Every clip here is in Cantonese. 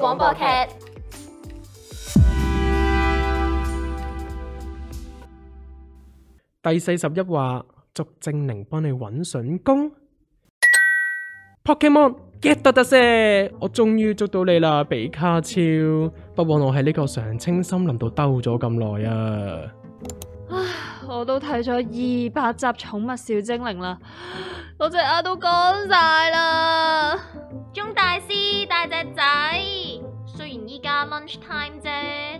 廣播劇第四十一話，捉精靈幫你揾筍工。Pokémon get、yeah, 得得先，我終於捉到你啦，比卡超，不枉我喺呢個常青森林度兜咗咁耐啊！啊，我都睇咗二百集《寵物小精靈》啦，我隻眼都乾晒啦。time 啫，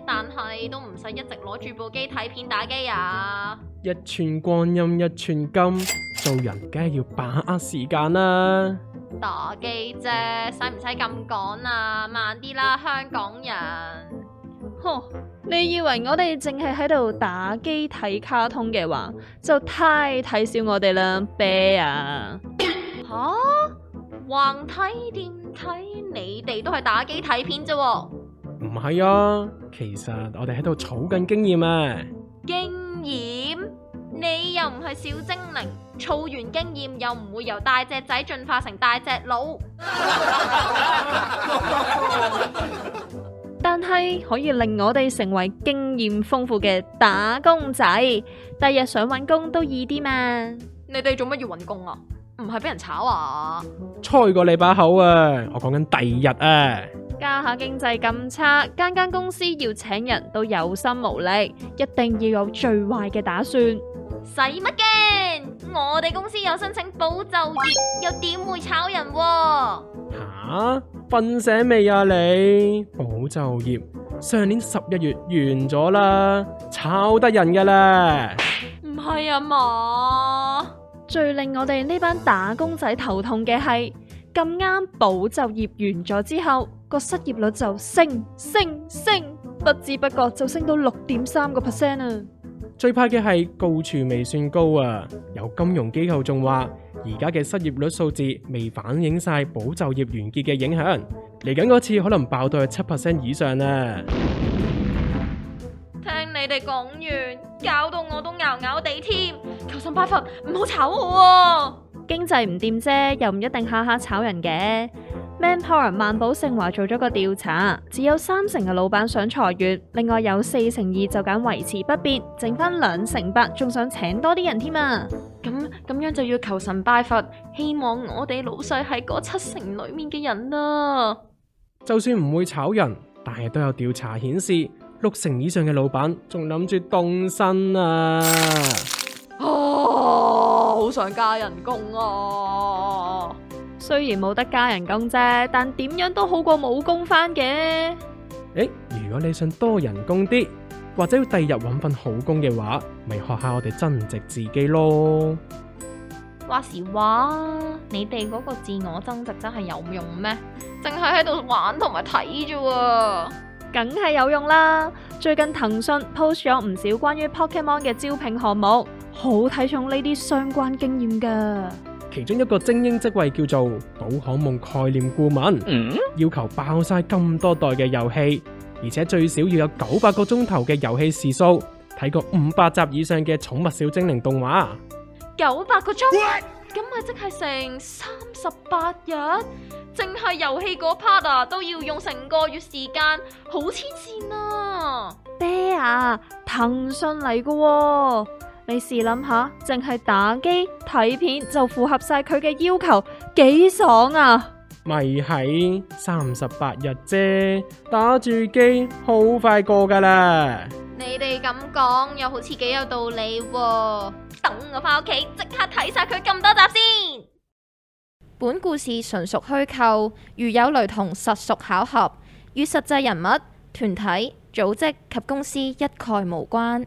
但係都唔使一直攞住部機睇片打機呀、啊。一寸光陰一寸金，做人梗係要把握時間啦、啊。打機啫，使唔使咁趕啊？慢啲啦，香港人。呵，你以為我哋淨係喺度打機睇卡通嘅話，就太睇小我哋啦，啤啊！吓，橫睇掂睇，你哋都係打機睇片啫。唔係啊，其實我哋喺度儲緊經驗啊！經驗？你又唔係小精靈，儲完經驗又唔會由大隻仔進化成大隻佬。但係可以令我哋成為經驗豐富嘅打工仔，第日想揾工都易啲嘛？你哋做乜要揾工啊？唔係俾人炒啊？吹過你把口啊！我講緊第二日啊！家下經濟咁差，間間公司要請人都有心無力，一定要有最壞嘅打算。使乜驚？我哋公司有申請保就業，又點會炒人？吓，瞓醒未啊？你保就業上年十一月完咗啦，炒得人噶啦，唔係啊嘛？最令我哋呢班打工仔頭痛嘅係咁啱保就業完咗之後。個失業率就升升升，不知不覺就升到六點三個 percent 啊！最怕嘅係高處未算高啊！有金融機構仲話，而家嘅失業率數字未反映晒保就業完結嘅影響，嚟緊嗰次可能爆到係七 percent 以上啊！聽你哋講完，搞到我都咬咬地添，求神拜佛唔好炒我啊！經濟唔掂啫，又唔一定下下炒人嘅。Manpower 萬寶盛華做咗個調查，只有三成嘅老闆想裁員，另外有四成二就揀維持不變，剩翻兩成八仲想請多啲人添啊！咁咁樣就要求神拜佛，希望我哋老細係嗰七成裏面嘅人啦啊。就算唔會炒人，但係都有調查顯示，六成以上嘅老闆仲諗住動身啊！啊，好想加人工啊！雖然冇得加人工啫，但點樣都好過冇工返嘅。誒，如果你想多人工啲，或者要第日搵份好工嘅話，咪學下我哋增值自己咯。話時話，你哋嗰個自我增值真係有用咩？淨係喺度玩同埋睇啫，梗係有用啦。最近騰訊 post 咗唔少關於 Pokemon 嘅招聘項目，好睇重呢啲相關經驗㗎。其中一個精英職位叫做寶可夢概念顧問，嗯、要求爆晒咁多代嘅遊戲，而且最少要有九百個鐘頭嘅遊戲時數，睇過五百集以上嘅寵物小精靈動畫，九百個鐘，咁咪即係成三十八日，淨係遊戲嗰 part 啊都要用成個月時間，好黐線啊！爹啊，騰訊嚟㗎。你試諗下，淨係打機睇片就符合晒佢嘅要求，幾爽啊！咪喺三十八日啫，打住機好快過噶啦！你哋咁講又好似幾有道理，等我翻屋企即刻睇晒佢咁多集先。本故事純屬虛構，如有雷同，實屬巧合，與實際人物、團體、組織及公司一概無關。